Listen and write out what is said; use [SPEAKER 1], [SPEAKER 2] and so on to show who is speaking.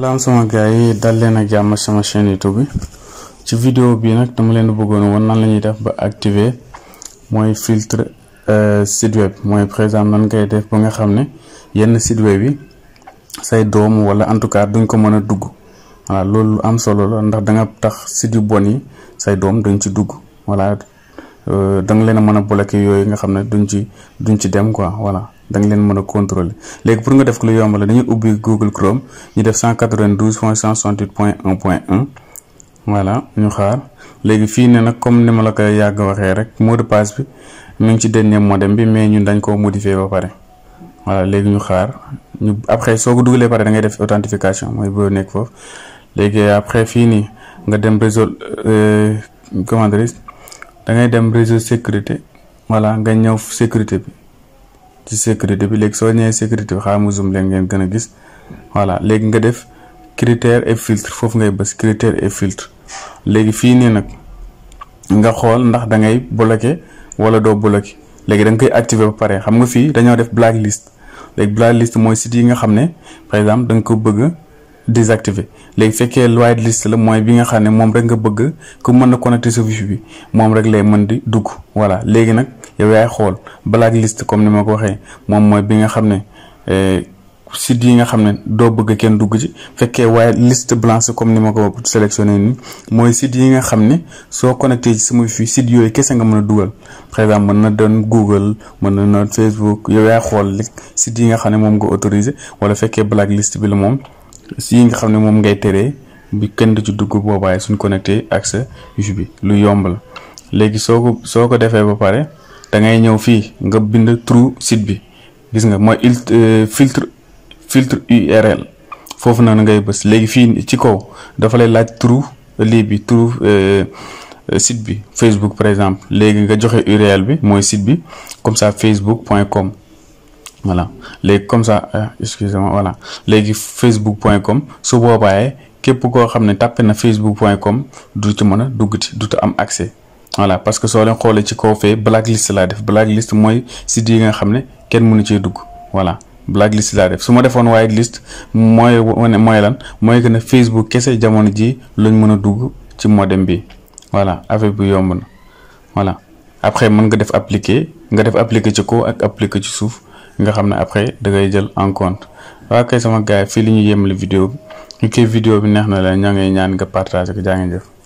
[SPEAKER 1] salaam sama yi dal leen ak jàmm sama chaîne bi ci vidéo bi nag dama leen bëggoon wan nan la ñuy def ba activer mooy filtre euh, site web mooy par exemple nan def ba nga xam ne yenn site web yi doom wala en tout cas duñ ko mën a dugg voilà loolu lu am solo la ndax danga nga tax site yu bon yi say doom duñ ci dugg voilà euh, da nga leen a mën a bloquer yooyu nga xam ne duñ ci duñ ci dem quoi voilà danga leen mën a contrôler léegi pour nga def ko lu yomb la dañuy ubbi Google Chrome ñu def cent 192 point 168 point 1 point 1 voilà ñu xaar léegi fii ne nag comme ni ma la ko yàgg waxee rek mot de passe bi mu ngi ci moo modem bi mais ñun dañ ko modifier ba pare voilà léegi ñu xaar ñu après soo ko dugalee pare da ngay def authentification mooy boo nekk foofu léegi après fii nii nga dem réseau euh, comment dirais da ngay dem réseau sécurité voilà nga ñëw sécurité bi ci sécurité bi léegi soo ñëwee sécurité bi xaaral ma leen ngeen gën a gis voilà léegi nga def critère et filtre foofu ngay bës critère et filtre léegi fii nii nag nga xool ndax da ngay bloqué wala doo bloqué léegi da koy activer ba pare xam nga fii dañoo def blacklist léegi blacklist mooy site yi nga xam ne par exemple da nga ko bëgg désactivé léegi fekkee white list la mooy bi nga xam ne moom rek nga bëgg ku mën na connecté sa wifi bi moom rek lay mën di dugg voilà léegi nag. yow yaay xool black list comme ni ma ko waxee moom mooy bi nga xam ne eh, site yi nga xam ne doo bëgg kenn dugg ci fekkee waaye liste blanche comme ni ma ko sélectionné nii mooy site yi nga xam ne soo connecté ci sama fi site yooyu kese nga mën a dugal par exemple mën na doon Google mën na doon Facebook yow xool li site yi xam ne moom nga autorisé wala fekkee black list bi la moom si yi nga xam ne moom ngay teree bi kenn du ci dugg boobaay suñ connecté ak sa wifi bi lu yomb la léegi soo ko soo ko defee ba pare da ngay ñëw fii nga bind trou site bi gis nga mooy euh, filtre filtre URL foofu noonu ngay bës léegi fii ci kaw dafa lay laaj trou lii bi trou euh, euh, site bi Facebook par exemple léegi nga joxe URL bi mooy site bi comme ça facebook point com voilà léegi comme ça excusez-moi voilà léegi facebook point comme su boobaaye képp koo xam ne tàppe na facebook point comme du ci mën a dugg duggati du am accès voilà parce que soo leen xoolee ci kaw fee blacklist laa def blacklist mooy site yi nga xam ne kenn mënu cee dugg voilà blacklist laa def su ma defoon white list mooy wane mooy lan mooy que ne Facebook kese jamono ji lañ mën a dugg ci modem bi voilà affaire bi yomb na voilà après mën nga def appliquer nga def appliquer ci kaw ak appliquer ci suuf nga xam ne après da ngay jël en compte waaw kay sama gars fii lu ñu yemale vidéo bi ñu koy vidéo bi neex na la ñoo ngay ñaan nga partager ko